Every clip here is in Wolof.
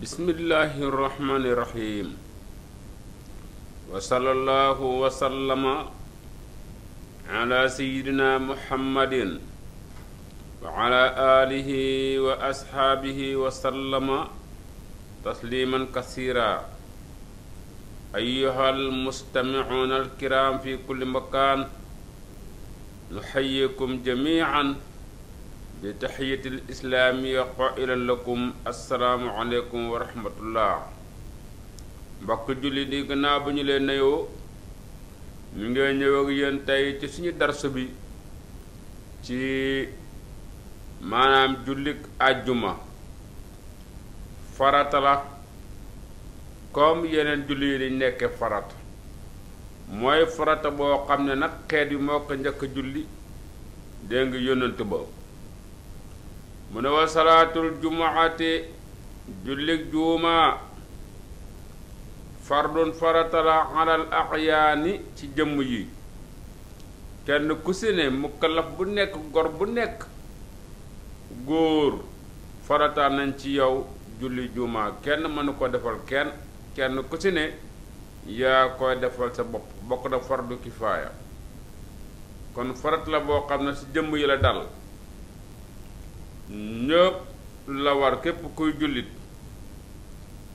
bismillahi irrahmani irrahim wa sallallahu wa sallama ala sayidina muhammadin wa ala alihi wa ashaabihi wa sallama tasliman kasira ayyuha almustamicuuna alkiram fi kulli makaan nuxayikum jamican bi taxiyatil islaamiya qaila lakum assalaamu aleykum wa mbokk julli di gannaaw bu ñu leen nuyoo mu ngi ñëw ak yéen tey ci suñu darsu bi ci maanaam jullik àjjuma farata la comme yeneen julli yi di nekk farata mooy farata boo xam ne nag xeet yi mbokk njëkk julli dégg nga ba mu ne wa salaatul jumuati jullig juuma fardun faratala alal axyaani ci jëmm yi kenn ku si ne mukallaf bu nekk gor bu nekk góor farata nañ ci yow julli juuma kenn mënu ko defal kenn kenn ku si ne yaa koy defal sa bopp bokk na fardu kifaaya kon farat la boo xam ne si jëmm yi la dal ñëpp la war képp kuy jullit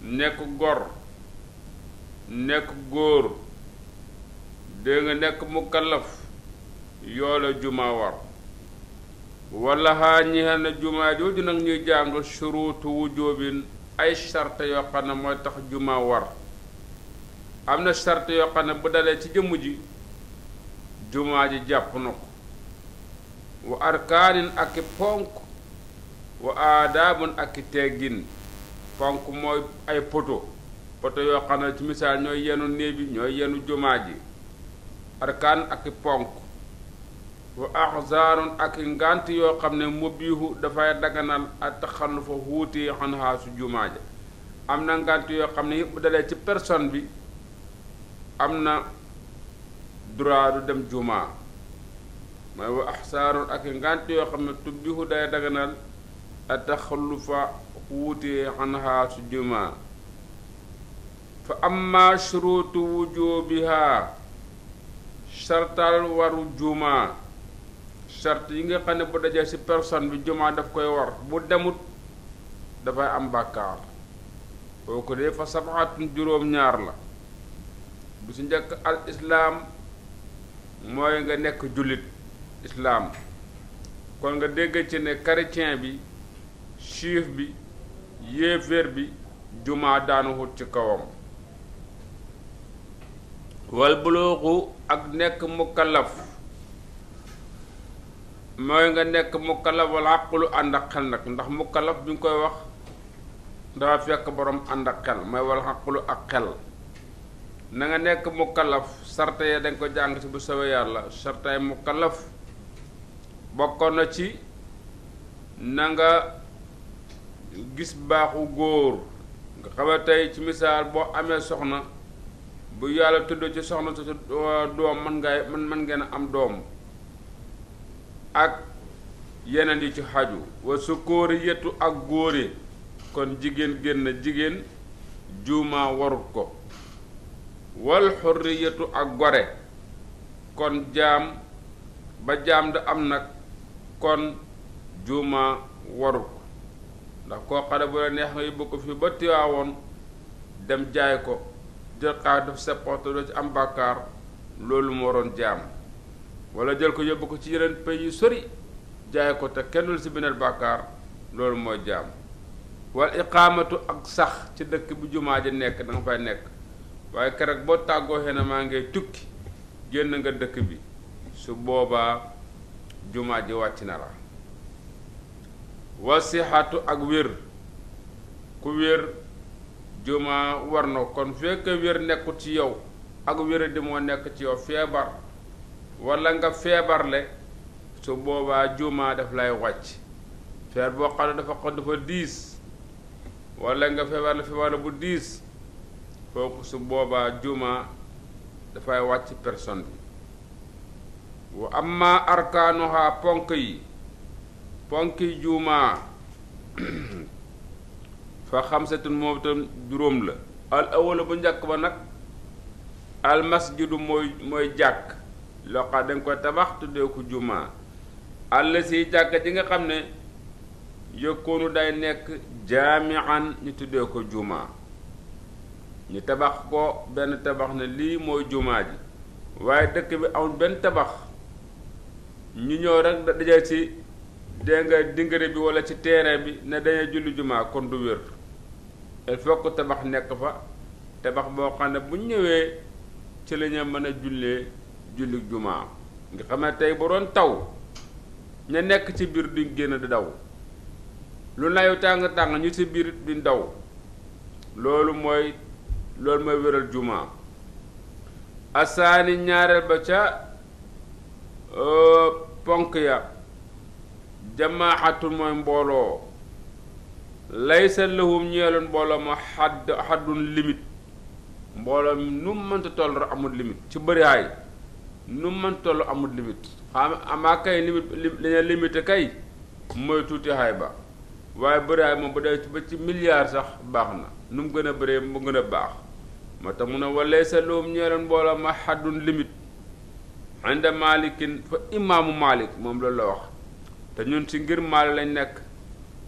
nekk gor nekk góor dégg nga nekk mukallaf yoola juma war wala xaa ñeexal na juma jooju nag ñuy jàng suruutu wujóobin ay sart yoo xam mooy tax juma war am na sart yoo xam bu dalee ci jëmm ji jumaa ji jàpp na ko wa arkaanin ak ponk wa aadaabun ak teggin ponk mooy ay poto poto yoo xam ne ci misaal ñooy yenu néeg bi ñooy yenu jumaa ji arkaan ak ponk wa axzaarun ak ngant yoo xam ne mubiihu dafay daganal ak taxallufa wuutee xanaa su jumaa ja am na ngant yoo xam ne yëpp dalee ci personne bi am na droit dem jumaa mooy wa axsaarun ak ngant yoo xam ne tubbihu day daganal ataxlufa wuutee anhaa su juma fa amma shuruutu wujubiha sartal waru juma sart yi nga xam ne bu dajee ci personne bi juma daf koy war bu demut dafay am bàkkaar kooku de fa sabaatun juróom-ñaar la bu ci njëkk al islaam mooy nga nekk jullit islaam kon nga dégg ci ne chrétien bi siif bi yéeféer bi jumaa daanu xut ci kawam wal buluuxu ak nekk mukallaf mooy nga nekk mukallaf wala àqulu ànd ak xel nag ndax mukallaf bi nga koy wax dafa fekk boroom ànd ak xel mooy wala àqulu ak xel na nga nekk mukallaf sarte ya dañ ko jàng ci bu sawee yàlla sartay mukallaf bokkoon na ci na gis baaxu góor nga xam tey ci misaal boo amee soxna bu yàlla tudd ci soxna sa doom mën ngeen a am doom ak yeneen yi ci xaju wa su kóori ak góore kon jigéen génn jigéen juuma warut ko wal xurri yetu ak gore kon jaam ba jaam da am nag kon juuma warut ndax koo xare bu la neex nga yóbbu ko fii ba tiwaawoon dem jaay ko jël xaalis daf sepporte doo ci am bàkkaar loolu moo doon jaam wala jël ko yóbbu ko ci yeneen pays yu sori jaay ko te kenn dul si beneen bàkkaar loolu mooy jaam wala xaamatu ak sax ci dëkk bu jumaa ji nekk da nga fay nekk waaye keroog boo tàggoo xëy na maa ngi tukki génn nga dëkk bi su boobaa jumaa ji wàcc na la wasixatu ak wér ku wér juma war na kon fekk wér nekkut ci yow ak wér di moo nekk ci yow feebar wala nga feebarle su booba juma daf lay wàcc feer boo xam ne dafa xon dafa diis wala nga feebarle feebarle bu diis kooku su boobaa juma dafay wàcc personne bi wa amma arkaanuha ponk yi ponki jumaa fa xamsatun moom itam juróom la al awala bu njëkk ba nag al masjidu mooy jàkk loqa dañ ko tabax tuddee ko jumaa àll si jàkk ji nga xam ne yëkkoonu day nekk jaamian ñu tuddee ko jumaa ñu tabax ko benn tabax ne lii mooy jumaa ji waaye dëkk bi amul benn tabax ñu ñëw rek dajal ci dégg nga dingare bi wala ci terrain bi ne dañuy julli jumaa kon du wér il faut tabax nekk fa tabax boo xam ne bu ñëwee ci la ñu mën a jullee julli jumaa nga xam ne tey bu doon taw ña nekk ci biir duñ génn di daw lu nayu tàng-tàng ñu ci biir duñ daw loolu mooy loolu mooy wéral jumaa asaani ñaareel ba ca euh, ponk ya jamaaxatun mooy mbooloo laysa lahum ñeeloon mbooloo ma xadd xaddun limite mbooloo nu mu mënta toll rek amul limite ci bëriwaay nu mu tollu toll amul limite xam amaa kay limite li ñu limité kay mooy tuuti xaay ba waaye bëriwaay moom ba day ba ci milliard sax baax na nu mu gën a bëree mu gën a baax moo tax mu ne wa laysa lahum ñeeloon mbooloo ma xaddun limite inda malikin fa imaamu malik moom loolu la wax te ñun ci ngir maal lañ nekk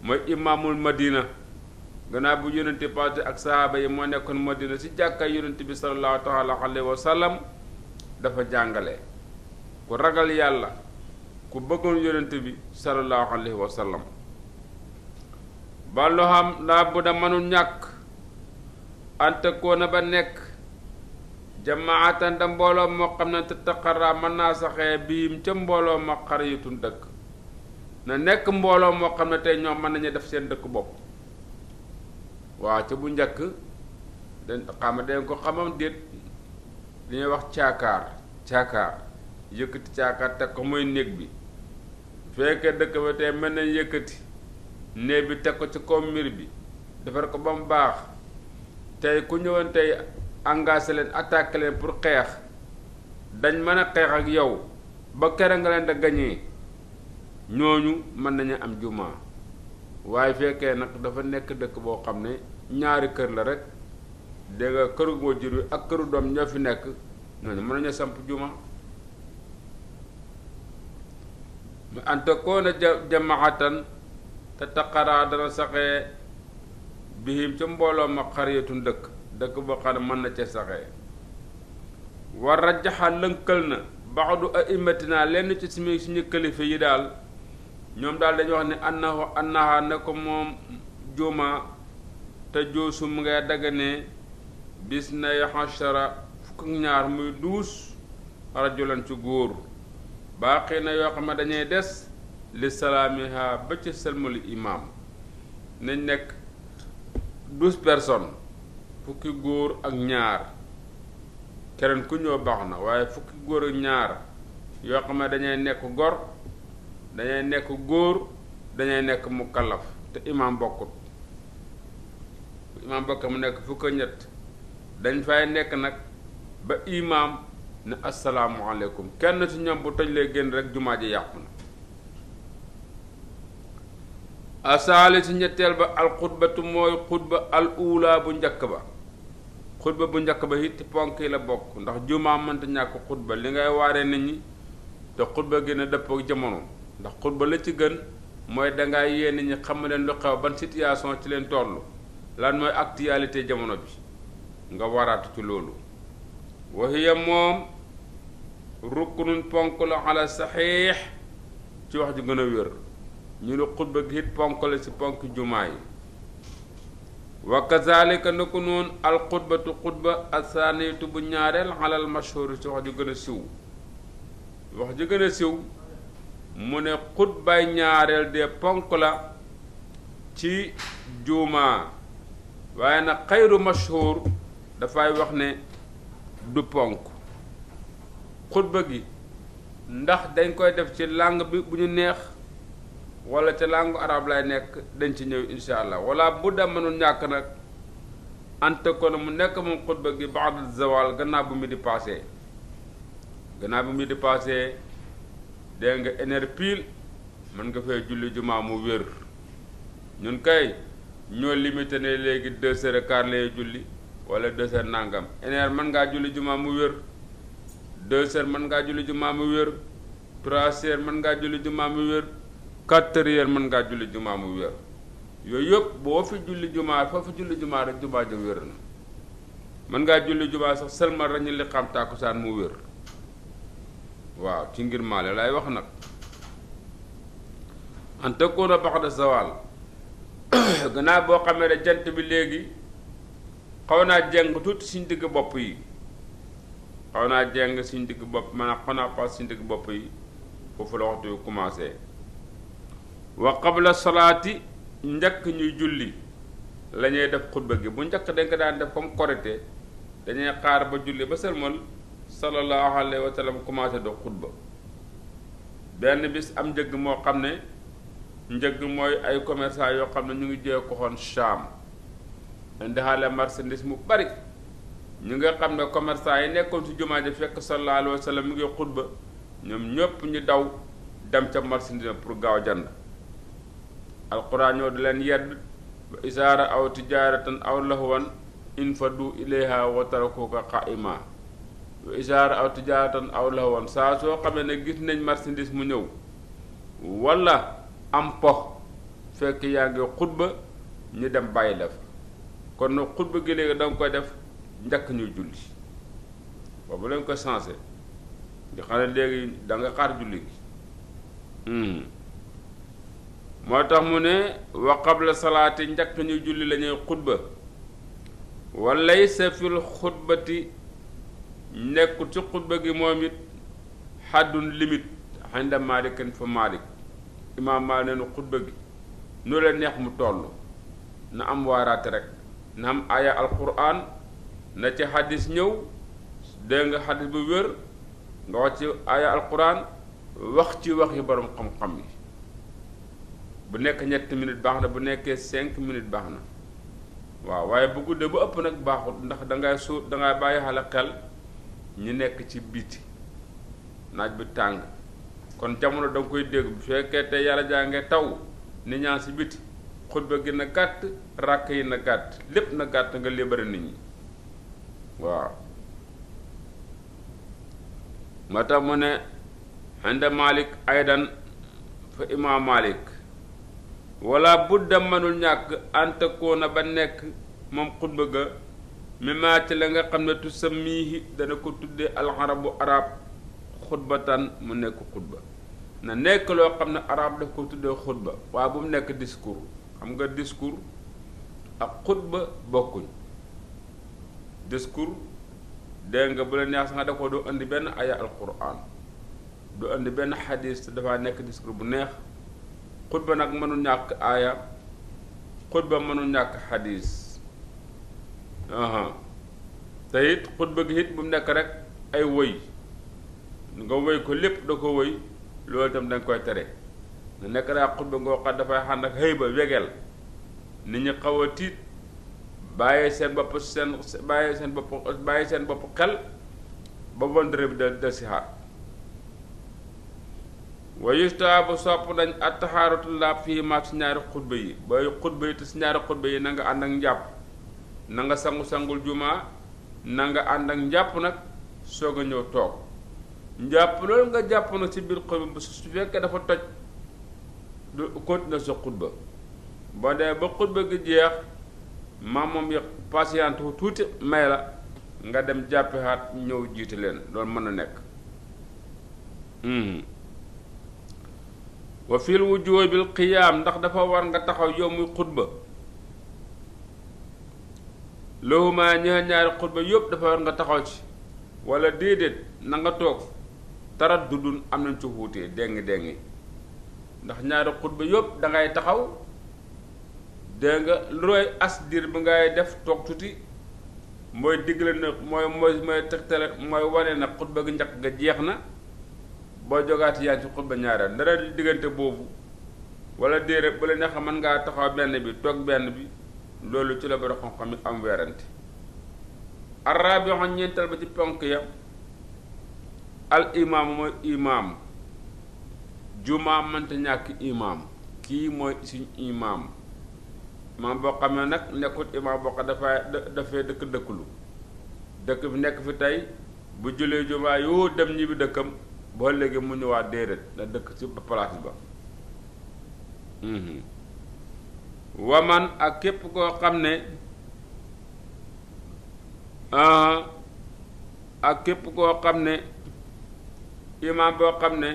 mooy imaamul madina gannaaw bu yonente passé ak sahaaba yi moo nekkoon madina ci jàkkaay yonente bi sallallahu taala alayhi wa dafa jàngale ku ragal yàlla ku bëggoon yonente bi sallallahu alayhi wa sallam ba xam laa bu da mënul ñàkk ante ba nekk jamaatan da mbooloo moo xam ne te taqara mën naa saxee biim ca mbooloo ma xar dëkk na nekk mbooloo moo xam ne tey ñoom mën nañu def seen dëkk bopp waaw ca bu njëkk dañ xam dañ ko xamam déet li wax caakaar caakaar yëkkati caakaar teg ko mooy néeg bi fekkee dëkk ba tey mën nañ yëkkati néeg bi teg ko ci kaw miir bi defar ko ba mu baax tey ku ñëwoon tey engagé leen attaqué leen pour xeex dañ mën a xeex ak yow ba kere nga leen da gañee ñooñu mën nañu am jumaa waaye fekkee nag dafa nekk dëkk boo xam ne ñaari kër la rekk dégg nga këru waajur wi ak këru doom ñoo fi nekk ñooñu mën nañu samp jumaa mu anta koona ja jamaatan te taqaraa dana saxee bihim ca mbooloo ma xariyatun dëkk dëkk boo xam ne mën na ca saxee war rajaxa lënkal na baxdu a imatina lenn ci suñu suñu kilifa yi daal ñoom daal dañu wax ne annahu annaha na ko moom juma te joosum ngay daggane bis na yaxashara fukk ak ñaar muy douze rajulan ci góor baaqi na yoo xam ne dañuy des li salaamiha ba sëlmalu imaam nañ nekk douze personnes fukki góor ak ñaar keneen ku ñëw baax na waaye fukki góor ak ñaar yoo xam dañuy nekk gor dañay nekk góor dañay nekk mukallaf te imaam bokkut imaam bokk mu nekk fukk ñett dañ fay nekk nag ba imaam ne asalaamualeykum kenn ci ñoom bu toj lay génn rek jumaa ji yàqu na asaali ci ñetteel ba alxutbatu mooy xutba al uulaa bu njëkk ba xutba bu njëkk ba it ponk yi la bokk ndax jumaa mënta ñàkk xutba li ngay waaree nit ñi te xutba gën a dëppoo ak jamono ndax xutba la ci gën mooy dangaa yéene ñi xam leen lu xew ban situation ci leen toll lan mooy actualité jamono bi nga waraatu ci loolu waxiya moom rukkunun ponk la ala saxiix ci wax ju gën a wér ñu ne xutba gi it ponk la ci ponk jumaa yi wa kazalika na ko noonu alxutbatu xutba asaniyatu bu ñaareel alal mashhur ci wax ju gën a siw wax ju gën a siw mu ne xutbay ñaareel de ponk la ci jumaa waaye nag xayru mashhur dafay wax ne du ponk xutba gi ndax dañ koy def ci langue bi bu ñu neex wala ca làngu arabe lay nekk dañ ci ñëw incha allah wala bu da mënul ñàkk nag ante kon mu nekk moom xutba gi baadul zawal gannaaw bu mi di passé gannaaw bu mi di passé dégg nga éner pile mën nga fay julli jumaa mu wér ñun kay ñoo limité ne léegi deux heures et quart julli wala deux heures nangam éner mën ngaa julli jumaa mu wér deux mën ngaa julli jumaa mu wér trois heures mën ngaa julli jumaa mu mën ngaa julli jumaa mu wér yooyu yëpp boo fi julli jumaa foofu julli jumaa rek jumaa ja wér na mën ngaa julli jumaa sax seulement rek ñu li xam tàkkusaan mu wér waaw ci ngir maale laay wax nag an takkoona baxda zawal gannaaw boo xamee ne jant bi léegi xaw naa jeng tuuti suñ digg bopp yi xaw naa jeng suñ digg bopp maanaam xaw naa pas suñ digg bopp yi foofu la waxtu yu commencé wa qabla salaati njëkk ñuy julli la ñuy def xutba gi bu njëkk dañ ko daan def comme korité dañuy xaar ba julli ba sëlmal sallallahu alayhi wa sallam commencé do xutba benn bis am njëgg moo xam ne njëgg mooy ay commerçant yoo xam ne ñu ngi jëlee koxoon Cham indihaale marchandise mu bari ñu nga xam ne commerçant yi nekkoon ci jumaa ji fekk sallallahu alayhi wa mu ngi xutba ñoom ñëpp ñu daw dem ca marchandise pour gaaw jënd alquran ñoo di leen yedd ba isaara aw tijaaratan aw lahwan infadu ilayha wa tarakuka qaima isaara aw tijaaratan aw lawoon saa soo xamee ne gis nañ marchandise mu ñëw walla am pox fekk yaa ngi xutba ñu dem bàyyi la kon nag xutba gi léegi danga koy def njëkk ñuy julli boobu lañ ko sensé di xam ne léegi da xaar julli gi hmm. moo tax mu ne wa qabla salaati njëkk ñuy julli la ñuy xutba walaysa fil xutbati nekkul ci xutba gi moom it xaddun limite xanda maalikan fa maalik imaam maal neenu xutba gi nu la neex mu toll na am waaraate rek na am aaya alquran na ci xaddis ñëw dégg nga xaddis bu wér nga wax ci aaya alquran wax ci wax waxi borom xam-xam yi bu nekk ñetti minutes baax na bu nekkee cinq minutes baax na waaw waaye bu guddee bu ëpp nag baaxut ndax dangay suur dangay bàyyi xale xel ñi nekk ci biti naaj bi tàng kon jamono da nga koy dégg bu fekkee te yàlla jànge taw nit ñaa si biti xutba gi na gàtt ràkk yi na gàtt lépp na gàtt nga libéré nit ñi waaw moo tax mu ne xinda aydan fa imaam malik wala budda mënul ñàkk antakoona ba nekk moom xutba ga mimmaa ci la nga xam ne tu sammiihi dana ko tuddee alxarabu arab xutbatan mu nekk xutba na nekk loo xam ne arab daf ko tuddee xutba waaye bu mu nekk discours xam nga discours ak xutba bokkuñ discours dégg nga bu la neex sax nga def ko doo indi benn aya alquran doo indi benn xadis te dafaa nekk discours bu neex xutba nag mënul ñàkk aaya xutba mënul ñàkk xadiis te it xutba gi it bu nekk rek ay woy nga woy ko lépp da ko woy loolu itam da nga koy tere nga nekk daa xutba ngoo xam dafay xànd ak xëy ba wegeel nit ñu xaw a tiit bàyyi seen bopp seen bàyyi seen bopp bàyyi seen bopp xel ba vondré bi da del si xaar wa yustaabu sopp nañ attaxaaratul laab fii maag si ñaari xutba yi booy xutba yi te si ñaari xutba yi na nga ànd ak njàpp na nga sangu-sangul jumaa na nga ànd ak njàpp nag soog a ñëw toog njàpp loolu nga jàpp nag ci biir xutba bu su fekkee dafa toj du continuer sa xutba ba dee ba xutba gi jeex maam moom yëpp patiente fu tuuti may la nga dem jàppewaat ñëw jiite leen doon mën a nekk hmm. wa fil wujubil qiyaam ndax dafa war nga taxaw yow muy xutba lawuma ñaar ñaari xutba yëpp dafa war nga taxaw ci wala déedéet na nga toog tarat dudun am nañ ci wuutee déngi déngi ndax ñaari xutba yëpp da ngay taxaw dégg nga looy as diir bi ngay def toog tuuti mooy digle na mooy mooy mooy tegtale mooy wane na xutba gi njax nga jeex na boo jogaati yaa ci xutba ñaareel dara diggante boobu wala déedéet bu la neex mën ngaa taxaw benn bi toog benn bi loolu ci la borom xam-xam yi am weerante arraabi xon ñeenteel ba ci ponk ya al imaamu mooy imaam jumaa mënta ñàkk imaam kii mooy suñu imaam imaam boo xam ne nag nekkul imaam boo xam dafay dafay dëkk dëkklu dëkk bi nekk fi tey bu jëlee jumaa yoo dem ñibbi dëkkam boo léegi mu ñëwaat déedéet na dëkk ci place ba waman ak képp koo xam ne ah, ak képp koo xam ne imaam boo xam ne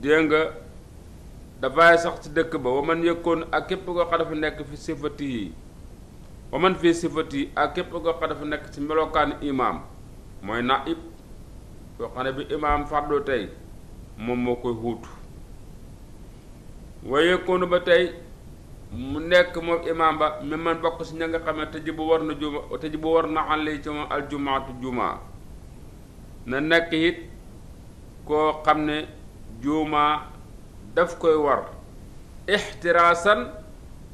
dégg nga dafay sax ci dëkk ba waman yëkkoon ak képp koo xam dafa nekk fi sifati yi waman fii sifati ak képp koo xam dafa nekk ci melokaanu imaam mooy naib koo xam ne bi imaam fardu tey moom moo koy xuutu waaye yëkkoonu ba tey mu nekk moom imaam ba mi man bokk si ña nga xam ne tëj bu war na juma tëj bu war na àllee ci moom aljumaatu juma na nekk it koo xam ne juma daf koy war ixtiraasan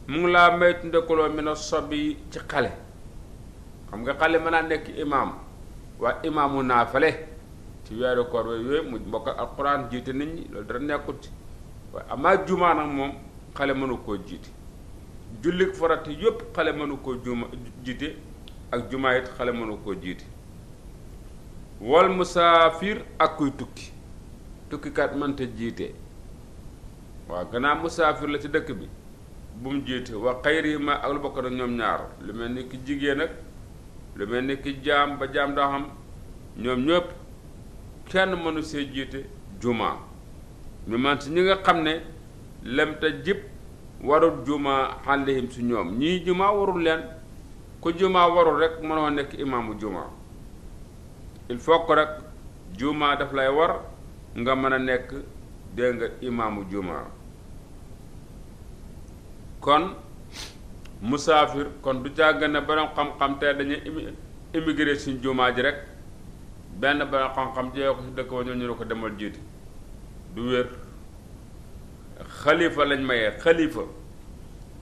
mu ngi laa maytu ndekuloo mi na sobi ci xale xam nga xale mën naa nekk imaam waa imaamu naafale ci weeru koor yooyu mu mbokk alquran jiite nit ñi loolu dara nekkut waaye amaa jumaa nag moom xale mënu koo jiite jullik farata yépp xale mënu koo juma jiite ak jumaa it xale mënu koo jiite wal musaafir ak kuy tukki tukkikat mënta jiite waaw gannaaw musaafir la ci dëkk bi bu mu jiite wa xayri ma ak lu bokk na ñoom ñaar lu mel ni ki jigéen ak lu mel ni ki jaam ba jaam daa ñoom ñëpp kenn mënu see jiite jumaa ñu man si ñi nga xam ne lemte te jib warul juma alayhim su ñoom ñii juma warul leen ku jumaa warul rekk mënoo nekk imaamu juma il faut que rek juma daf lay war nga mën a nekk dégg nga imaamu juma kon musaafir kon du jàgg na borom xam-xam te dañuy immigré suñ juma ji rek benn borom xam-xam jiyee ko si dëkk ba ñu ne ko demal jiite du wér xalifa lañ mayee xalifa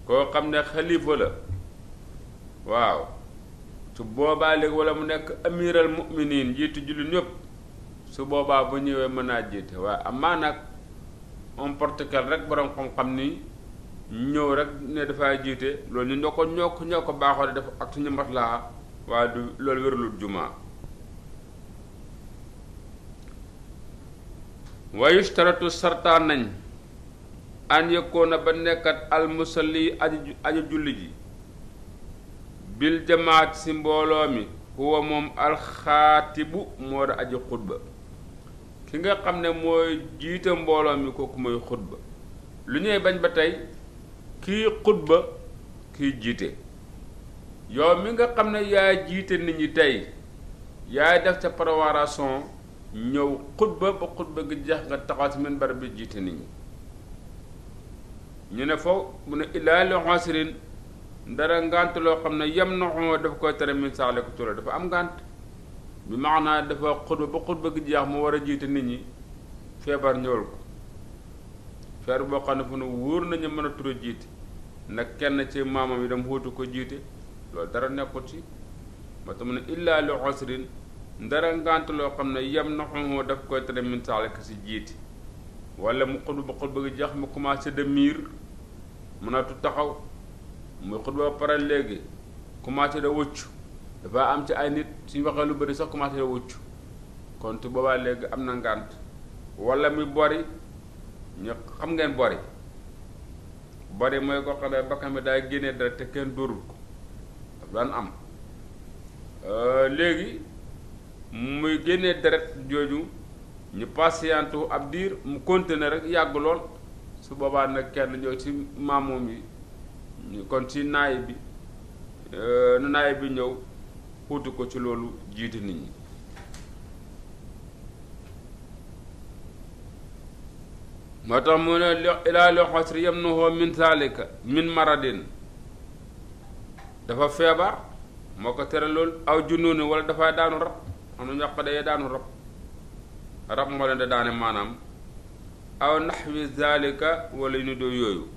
koo xam ne xalifa la waaw su boobaa léegi wala mu nekk amiral mu'minin jiitu jullit ñëpp su boobaa bu ñëwee mën naa jiite waaye amaa nag on portugal rek borom xam-xam ni ñëw rek ne dafay jiite loolu ñu ñoo ko ñoo ko ñoo ko def ak suñu maslaa waaye du loolu wérulul jumaa wa yushtaratu sartaan nañ an yëkkoona ba nekkat almusalli aji aji julli ji bil jamaat si mbooloo mi huwa moom alxaatibu moo da aji xutba ki nga xam ne mooy jiite mbooloo mi kooku mooy xutba lu ñuy bañ ba tey kii xutba kii jiite yow mi nga xam ne yaa jiite nit ñi tey yaay def ca préparation ñëw xutba ba xutba gi jeex nga taxaw ci minbar bi jiite nit ñi ñu ne foofu mu ne illaa loxo xasrin dara ngànt loo xam ne yam naxoo dafa koy tere min saale ko cura dafa am ngànt bi maanaa dafa xutba ba xutba gi jeex mu war a jiite nit ñi feebar ñëwal ko feer boo xam ne fu ne wóor nañu mën a tura jiite nag kenn ci maamam yi dem xóotu ko jiite loolu dara nekkut ci moo tax mu ne illaa loxo xasrin dara ngànt loo xam ne yam naxoo dafa koy tere min saale ko si jiite wala mu xutba xutba gi jeex mu commencé de miir mënatu taxaw muy xutba pare léegi commencé de wëccu dafa am ci ay nit suñu waxee lu bari sax commencé da wëccu kon te boobaa léegi am na ngànt wala muy bori ñu xam ngeen bori bari mooy koo xam ne bakkan bi daay génnee dara te kenn dóorul ko daf daan am euh, léegi muy génnee deret jooju ñu patientu ab diir mu continuer rek yàgg su boobaa nag kenn ñëw ci maamoom yi kon ci naay bi euh, nu naay bi ñëw xuutu ko ci loolu jiitu nit ñi moo tax mu ne ilaa li xosri yem na hoo min zalika min maradin dafa feebar moo ko tere loolu aw junnooni wala dafay daanu rab xam na ñoq dayee daanu rab rab moo leen da daane maanaam aw naxwi zalika wala yu ni doo yooyu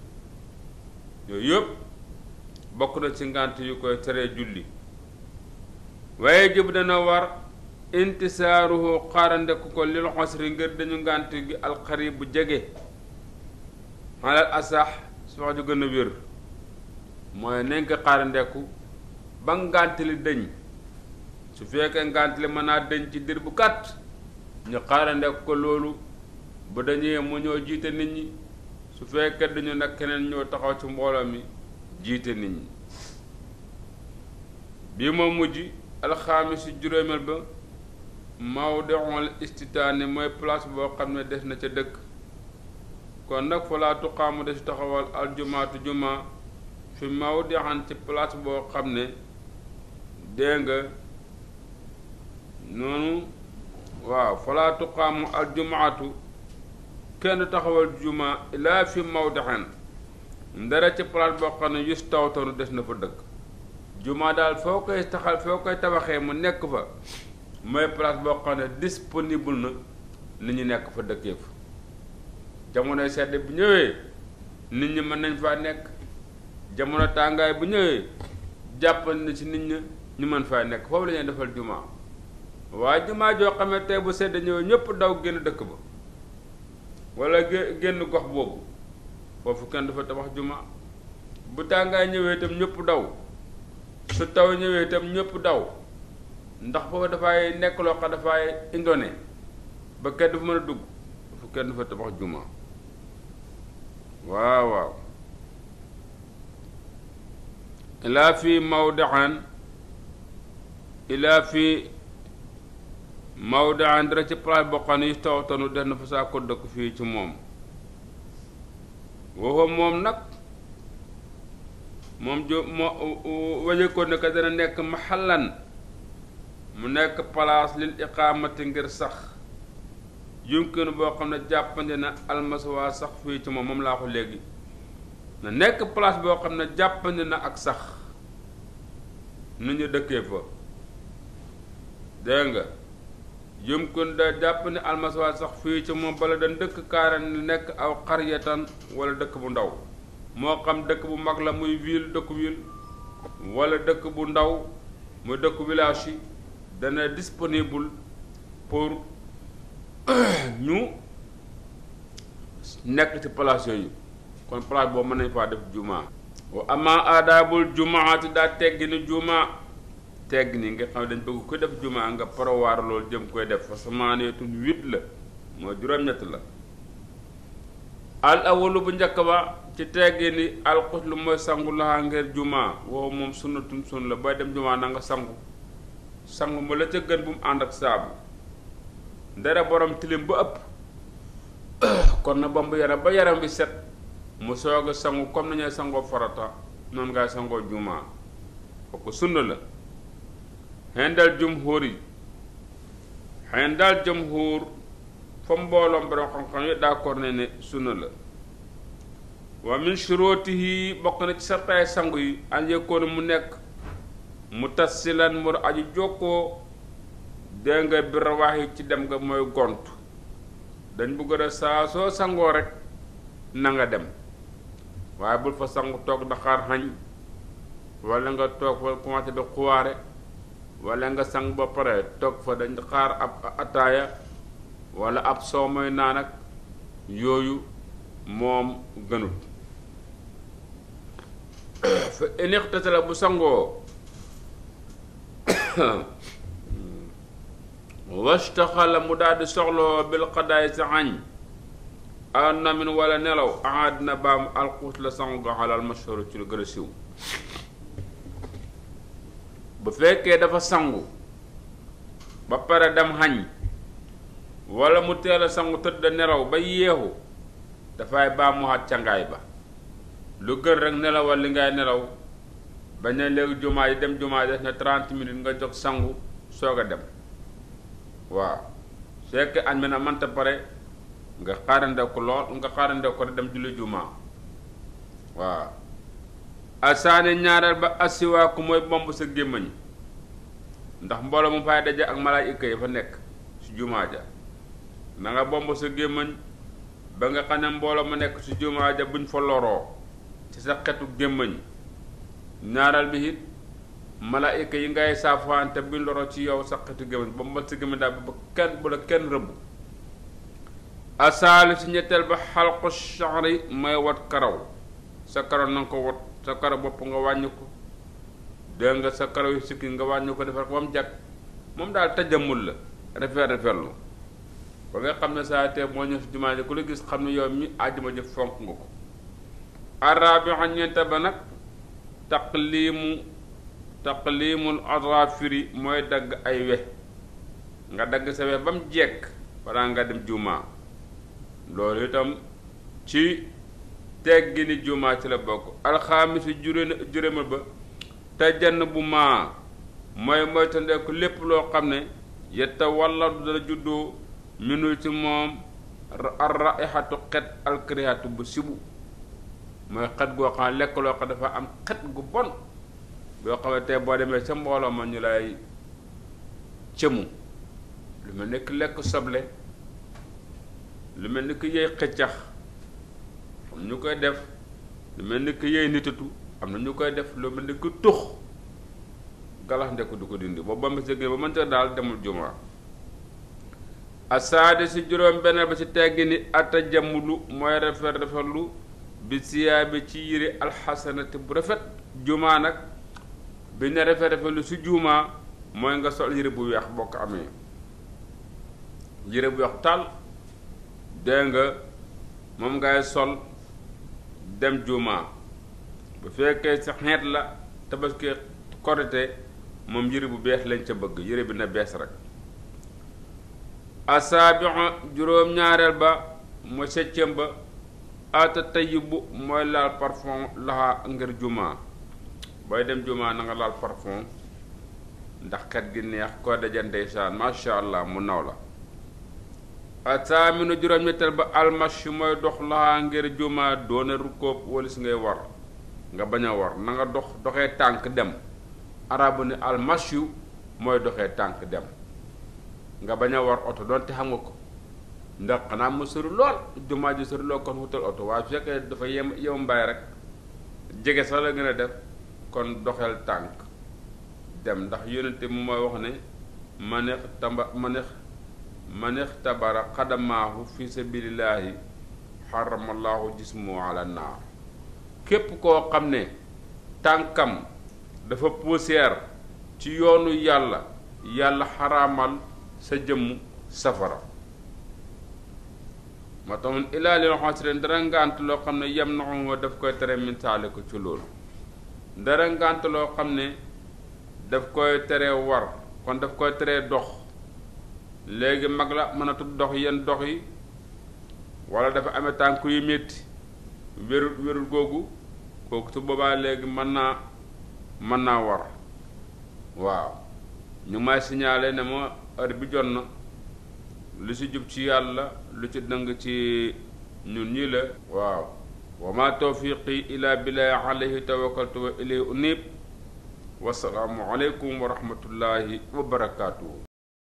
yooyu yëpp bokk na ci ngànt yu koy teree julli waaye jëb dana war intisaaruhu xaarandeku ko lil xosri ngir dañu ngànt gi alxarib bu jege xalal asax su wax ju gën wér mooy nañ ko ba ngànt li dëñ su fekkee ngànt li mën naa dëñ ci dir bu gàtt ñu xaarande ko loolu ba dañee mu ñoo jiite nit ñi su fekkee dañu nag keneen ñoo taxaw ci mbooloo mi jiite nit ñi bi ma mujj alxaamisu juróomeel ba mawdiul istitaani mooy place boo xam ne des na ca dëkk kon nag falaa tuqaamu des taxawal aljumaatu juma fi mawdihan ci place boo xam ne dégg nga noonu waaw falaa tuqaamu jumaatu kenn taxawal juma laa fi mawdaxen ndara ci place boo xam ne yus des na fa dëkk juma daal foo koy taxal foo koy tabaxee mu nekk fa mooy place boo xam ne disponible na nit ñi nekk fa dëkkee fa jamono sedd bu ñëwee nit ñi mën nañ faa nekk jamono tàngaay bu ñëwee jàppal na ci nit ñi ñu mën faa nekk foofu la ñuy defal jumaa waa jumaa joo xamee tey bu sedd ñëw ñëpp daw génn dëkk ba wala génn gox boobu foofu kenn dafa tabax jumaa bu tàngaay ñëwee itam ñëpp daw su taw ñëwee itam ñëpp daw ndax foofu dafay nekk loo xam dafay indone ba kenn dafa mën a dugg foofu kenn dafa tabax jumaa waaw waaw ilaa fi mawdaxan ilaa fi mawdaan dara ci palaas boo xam ne yi tawtanu def na fa ko dëkk fii ci moom waxoo moom nag moom jo moo waje nekk ne que dana nekk maxallan mu nekk palaas lil iqaamati ngir sax yumkin boo xam ne jàppandi na almaswaa sax fii ci moom moom laa ko léegi na nekk palaas boo xam ne jàppandi na ak sax nu ñu dëkkee fa dégg yëm kon da jàpp ni almasiwa sax fii ci moom bala dan dëkk kaaran nekk aw xaryatan wala dëkk bu ndaw moo xam dëkk bu mag la muy ville dëkk ville wala dëkk bu ndaw muy dëkk village yi dana disponible pour ñu nekk ci place yooyu kon place boo mën nañ faa def jumaa wa ama aadaabul jumaati daa teggi ni jumaa tegg ni nga xam ne dañ bëgg ku def jumaa nga parawaar loolu jëm koy def fa samaaneetun huit la mooy juróom-ñett la al awalu bu njëkk ba ci teggee ni alxuslu mooy sangu laxaa ngir jumaa wow moom sunnatun sun la bay dem jumaa na nga sangu sangu ma la ca gën bu mu ànd ak saabu ndere borom tilim ba ëpp kon na bamb yaram ba yaram bi set mu soog a sangu comme nañuy sangoo farata noonu ngay sangoo jumaa kooku sunna la xendal jumhur yi xendal jumhur fa mbooloom borom xam-xam yi d'accord ne ne sunna la wa min shurutihi bokk na ci sartaay sangu yi an yëkkoon mu nekk mutasilan mu aju jokkoo dégg nga bi rawaax yi ci dem nga mooy gont dañ bëgg a saa soo sangoo rek nanga nga dem waaye bul fa sangu toog daxaar xañ wala nga toog fa commencé di xuwaare wala nga sang ba pare toog fa dañ xaar ab ataaya wala ab soo mooy naan ak yooyu moom gënut fa inixtasala bu sangoo wastaxala mu daal soxloo bil xadaay sa añ a namin wala nelaw ahad na baam alxuus la sangu ga xalal mashhur ci lu gën siw bu fekkee dafa sangu ba pare dem xañ wala mu teel a sangu tëdd nelaw ba yeexu dafay baamuwaat cangaay ba lu gën rek nelawal li ngay nelaw bañ ne léegi jumaa yi dem jumaa yi def na trente minutes nga jox sangu soog a dem waaw fekk añ mi na mënta pare nga xaarande ko lool nga xaarande ko rek dem julli jumaa waaw asaane ñaareel ba assiwaaku mooy bomb sa gémmañ ndax mbooloo mu fay daje ak malaayika yi fa nekk ci jumaa ja nanga nga bomb sa gémmañ ba nga xam ne mbooloo mu nekk ci jumaa ja buñ fa loroo ci sa xetu gémmañ ñaareel bi it malaayika yi ngay saafaante buñ loroo ci yow sa xetu gémmañ bombal sa gémmañ daal ba kenn bu la kenn rëbb asaali ci ñetteel ba xalqu chanri mooy wat karaw sa karaw nanga ko wat sa karaw bopp nga wàññi ko nga sa karaw yu sikki nga wàññi ko defar ko ba mu jag moom daal tajamul la refer referlu ba nga xam ne saa tee moo ñëw si jumaa ji ku la gis xam ne yoon mi àjjuma ji fonk nga ko araabixa ñeente ba nag taqliimu taqliimul adrafiri mooy dagg ay we nga dagg sa we ba mu jekk balaa nga dem jumaa loolu itam ci teggini jumaa ci la bokk alxaamisu juróom ma ba te jann bu maa mooy moytandeku lépp loo xam ne yetta walladu dana juddoo minul ci moom ar raihatu xet alkrihatu bu sibu mooy xet goo xam lekk loo xam dafa am xet gu bon boo xam ne tey boo demee ca mbooloo ma ñu lay cëmu lu mel ni lekk soble lu mel ni ki yey xëccax am ñu koy def lu mel ni que nitatu am na ñu koy def lu mel ni tux galax ndekk du ko dindi ba ba mu sëggee ba mënta daal demul jumaa asaade si juróom benn ba ci teggi ni atajamulu mooy rafet rafetlu bi siyaabe ci yére alxasanati bu rafet jumaa nag bi ne rafet rafetlu si jumaa mooy nga sol yére bu weex bokk amee yére bu weex tàll dégg moom ngay sol dem jumaa bu fekkee sa xeet la tabaski korite moom yëre bu bees lañ ca bëgg yëre bi na bees rek asaabion juróom-ñaareel ba mooy septième ba ata tayibu mooy laal parfum laxaa ngir jumaa booy dem jumaa na nga laal parfum ndax xet gi neex koo dajandey saan masha allah mu naw la asaaminu juróom-ñetteel ba almashu mooy dox laxaa ngir juma doone rukkoob walis ngay war nga bañ a war nanga dox doxee tànk dem arabu ne almashu mooy doxee tànk dem nga bañ a war oto doonte xam nga ko ndax xanaa mu sori lool jumaa ji sori lool kon wutal oto waaye fekkee dafa yem yem mbaay rek jege sax la gën a def kon doxeel tànk dem ndax yónnente mu mooy wax ne maneex tamba maneex man ixtabara xadamaahu fi sabilillaahi xaramallaahu jismu ala naar képp koo xam ne tànkam dafa poussière ci yoonu yàlla yàlla xaraamal sa jëmm safara moo tax mun ilaalil xosrin dara ngànt loo xam ne yem na xom koy tere min ko ci loolu dara ngànt loo xam ne daf koy tere war kon daf koy tere dox léegi mag la mënatul dox yenn dox yi wala dafa amee tànk yu metti wérul wérul googu kooku su boobaa léegi mën naa mën naa war waaw ñu may signaler ne ma heure bi jot na lu ci jub ci yàlla lu ci dëng ci ñun ñi la waaw wa ma tawfiqi ila billah alayhi tawakkaltu wa ilayhi unib wasalaamu aleykum wa wa barakaatuhu